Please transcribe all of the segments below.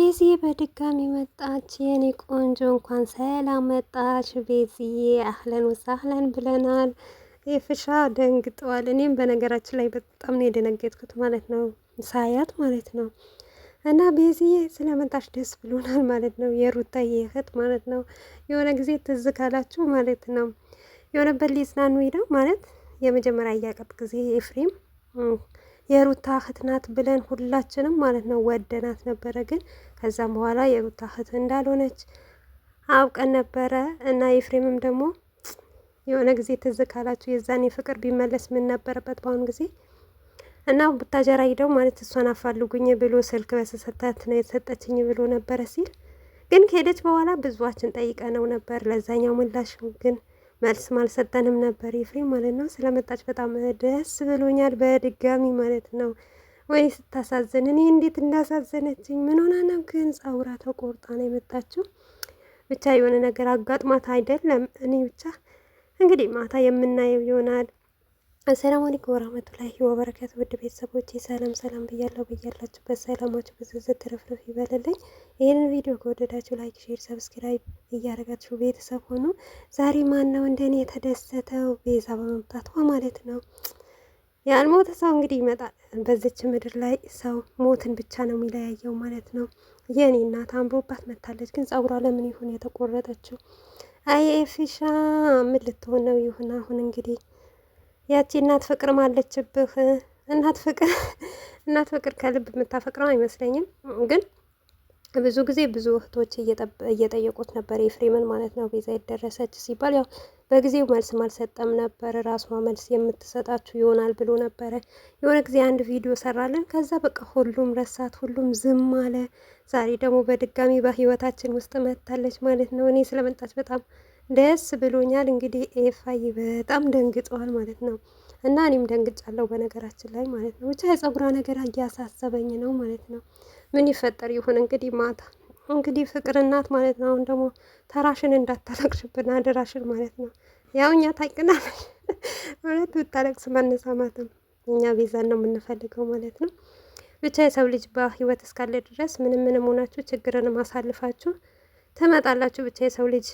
ቤዚ በድጋሚ መጣች። የኔ ቆንጆ እንኳን ሰላም መጣች ቤዚዬ። አህለን ወሳህለን ብለናል። የፍሻ ደንግጠዋል። እኔም በነገራችን ላይ በጣም ነው የደነገጥኩት ማለት ነው ሳያት ማለት ነው። እና ቤዚዬ ስለመጣች ደስ ብሎናል ማለት ነው። የሩታ የእህት ማለት ነው። የሆነ ጊዜ ትዝ ካላችሁ ማለት ነው የሆነበት ሊጽናኑ ሄደው ማለት የመጀመሪያ እያቀብ ጊዜ ኤፍሬም የሩታ እህት ናት ብለን ሁላችንም ማለት ነው ወደናት ነበረ። ግን ከዛም በኋላ የሩታ እህት እንዳልሆነች አውቀን ነበረ እና የፍሬምም ደግሞ የሆነ ጊዜ ትዝ ካላችሁ የዛን የፍቅር ቢመለስ ምን ነበረበት በአሁኑ ጊዜ እና ቡታጀራ ሂደው ማለት እሷን አፋልጉኝ ብሎ ስልክ በሰሰታት ነው የተሰጠችኝ ብሎ ነበረ ሲል ግን ከሄደች በኋላ ብዙዋችን ጠይቀ ነው ነበር ለዛኛው ምላሽ ግን መልስም አልሰጠንም ነበር ኤፍሬም ማለት ነው። ስለመጣች በጣም ደስ ብሎኛል በድጋሚ ማለት ነው። ወይ ስታሳዝን! እኔ እንዴት እንዳሳዘነችኝ ምን ሆና ነው ግን ጸጉሯ ተቆርጣ ነው የመጣችው። ብቻ የሆነ ነገር አጋጥማት አይደለም። እኔ ብቻ እንግዲህ ማታ የምናየው ይሆናል። አሰላሙ አለይኩም ወራህመቱላሂ ወበረካቱ ውድ ቤተሰቦች ሰላም ሰላም ብያለሁ። ብያላችሁበት ሰላማችሁ ብዝዝት ትርፍርፍ ይበልልኝ። ይህንን ቪዲዮ ከወደዳችሁ ላይክ፣ ሼር፣ ሰብስክራይብ እያደረጋችሁ ቤተሰብ ሆኑ። ዛሬ ማን ነው እንደኔ የተደሰተው? ቤዛ በመምጣቷ ማለት ነው። ያልሞተ ሰው እንግዲህ ይመጣል። በዚች ምድር ላይ ሰው ሞትን ብቻ ነው የሚለያየው ማለት ነው። የኔ እናት አምሮባት መታለች፣ ግን ጸጉሯ ለምን ይሁን የተቆረጠችው? አይ ኤፊሻ ምን ልትሆን ነው? ይሁን አሁን እንግዲህ ያቺ እናት ፍቅር ማለችብህ። እናት ፍቅር እናት ፍቅር ከልብ የምታፈቅረው አይመስለኝም ግን ብዙ ጊዜ ብዙ እህቶች እየጠየቁት ነበር ኤፍሬምን ማለት ነው። ቤዛ የደረሰች ሲባል ያው በጊዜው መልስ አልሰጠም ነበር። ራሷ መልስ የምትሰጣችሁ ይሆናል ብሎ ነበረ። የሆነ ጊዜ አንድ ቪዲዮ ሰራለን። ከዛ በቃ ሁሉም ረሳት፣ ሁሉም ዝም አለ። ዛሬ ደግሞ በድጋሚ በህይወታችን ውስጥ መታለች ማለት ነው። እኔ ስለመጣች በጣም ደስ ብሎኛል። እንግዲህ ኤፋይ በጣም ደንግጠዋል ማለት ነው እና እኔም ደንግጫለሁ በነገራችን ላይ ማለት ነው። ብቻ የጸጉሯ ነገር እያሳሰበኝ ነው ማለት ነው። ምን ይፈጠር ይሁን እንግዲህ ማታ እንግዲህ ፍቅር እናት ማለት ነው። አሁን ደግሞ ተራሽን እንዳታለቅሽብን አደራሽን ማለት ነው። ያው እኛ ታቅናል ማለት ብታለቅስ ማነሳማትም እኛ ቤዛን ነው የምንፈልገው ማለት ነው። ብቻ የሰው ልጅ በህይወት እስካለ ድረስ ምንም ምንም ሆናችሁ ችግርን ማሳልፋችሁ ትመጣላችሁ። ብቻ የሰው ልጅ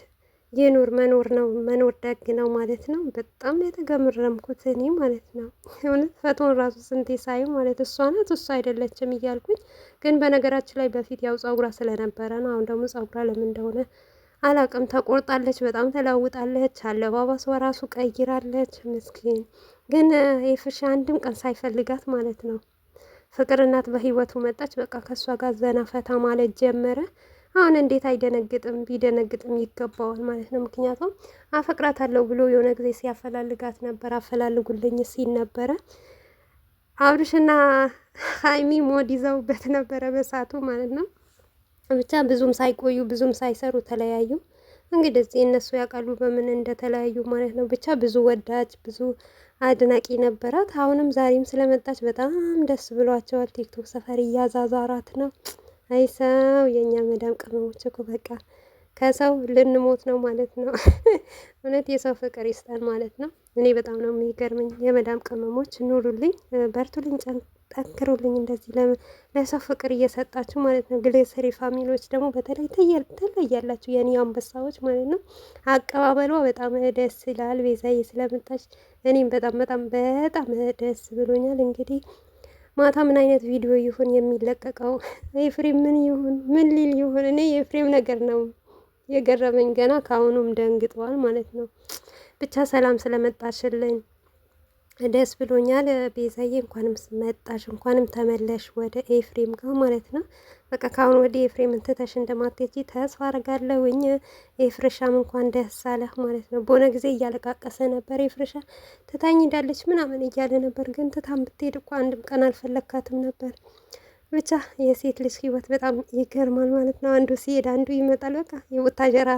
የኑር መኖር ነው መኖር ደግ ነው ማለት ነው። በጣም የተገመረምኩት እኔ ማለት ነው። እውነት ፈቶን ራሱ ስንቴ ሳዩ ማለት እሷ ናት አይደለችም እያልኩኝ ግን በነገራችን ላይ በፊት ያው ጸጉሯ ስለነበረ ነው። አሁን ደግሞ ጸጉሯ ለምን እንደሆነ አላቅም ተቆርጣለች፣ በጣም ተለውጣለች፣ አለባበሷ ራሱ ቀይራለች። ምስኪን ግን የፍሻ አንድም ቀን ሳይፈልጋት ማለት ነው። ፍቅር እናት በህይወቱ መጣች። በቃ ከእሷ ጋር ዘና ፈታ ማለት ጀመረ። አሁን እንዴት አይደነግጥም? ቢደነግጥም ይገባዋል ማለት ነው። ምክንያቱም አፈቅራታለሁ ብሎ የሆነ ጊዜ ሲያፈላልጋት ነበር፣ አፈላልጉልኝ ሲል ነበረ። አብርሽና ሀይሚ ሞድ ይዘውበት ነበረ በሳቱ ማለት ነው። ብቻ ብዙም ሳይቆዩ ብዙም ሳይሰሩ ተለያዩ። እንግዲህ እነሱ ያውቃሉ በምን እንደተለያዩ ማለት ነው። ብቻ ብዙ ወዳጅ ብዙ አድናቂ ነበራት። አሁንም ዛሬም ስለመጣች በጣም ደስ ብሏቸዋል። ቲክቶክ ሰፈር እያዛዛራት ነው። አይ ሰው የእኛ መዳም ቅመሞች እኮ በቃ ከሰው ልንሞት ነው ማለት ነው። እውነት የሰው ፍቅር ይስጠን ማለት ነው። እኔ በጣም ነው የሚገርመኝ። የመዳም ቅመሞች ኑሩልኝ፣ በርቱልኝ፣ ጠንክሩልኝ። እንደዚህ ለሰው ፍቅር እየሰጣችሁ ማለት ነው። ግሌሰሪ ፋሚሊዎች ደግሞ በተለይ ትለያላችሁ፣ የኔ አንበሳዎች ማለት ነው። አቀባበሏ በጣም ደስ ይላል። ቤዛዬ ስለመጣች እኔም በጣም በጣም በጣም ደስ ብሎኛል እንግዲህ ማታ ምን አይነት ቪዲዮ ይሁን የሚለቀቀው? ኤፍሬም ምን ይሁን ምን ሊል ይሁን? እኔ የኤፍሬም ነገር ነው የገረመኝ። ገና ከአሁኑም ደንግጧል ማለት ነው። ብቻ ሰላም ስለመጣሽልኝ ደስ ብሎኛል ቤዛዬ፣ እንኳንም መጣሽ፣ እንኳንም ተመለሽ ወደ ኤፍሬም ጋር ማለት ነው። በቃ ካሁን ወደ ኤፍሬም እንትተሽ እንደማትሄጂ ተስፋ አርጋለሁኝ። ኤፍሬሻም እንኳን ደስ አለህ ማለት ነው። በሆነ ጊዜ እያለቃቀሰ ነበር ኤፍሬሻ ትታኝ እንዳለች ምናምን እያለ ነበር። ግን ትታም ብትሄድ እኮ አንድም ቀን አልፈለግካትም ነበር። ብቻ የሴት ልጅ ህይወት በጣም ይገርማል ማለት ነው። አንዱ ሲሄድ አንዱ ይመጣል። በቃ የቡታጀራ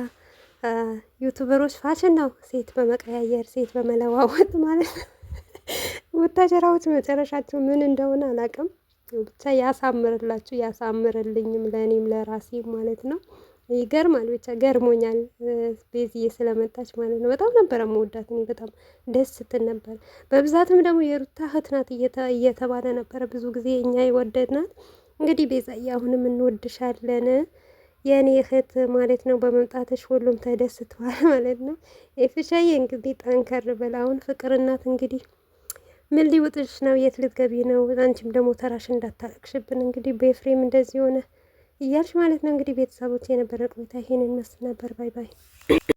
ዩቱበሮች ፋሽን ነው፣ ሴት በመቀያየር ሴት በመለዋወጥ ማለት ነው። ወታደራዎች መጨረሻቸው ምን እንደሆነ አላውቅም። ብቻ ያሳምርላችሁ ያሳምርልኝም ለእኔም ለራሴ ማለት ነው። ይገርማል። ብቻ ገርሞኛል ቤዝዬ ስለመጣች ማለት ነው። በጣም ነበረ መወዳት እኔ በጣም ደስ ስትል ነበር። በብዛትም ደግሞ የሩታ እህት ናት እየተባለ ነበረ ብዙ ጊዜ እኛ የወደድናት። እንግዲህ ቤዛዬ አሁንም እንወድሻለን የእኔ እህት ማለት ነው። በመምጣትሽ ሁሉም ተደስተዋል ማለት ነው። የፍሻዬ እንግዲህ ጠንከር በል አሁን ፍቅርናት እንግዲህ ምን ሊውጥሽ ነው? የት ልትገቢ ነው? አንቺም ደግሞ ተራሽ እንዳታለቅሽብን። እንግዲህ በኤፍሬም እንደዚህ ሆነ እያልሽ ማለት ነው። እንግዲህ ቤተሰቦች የነበረ ቆይታ ይሄንን መስል ነበር። ባይ ባይ።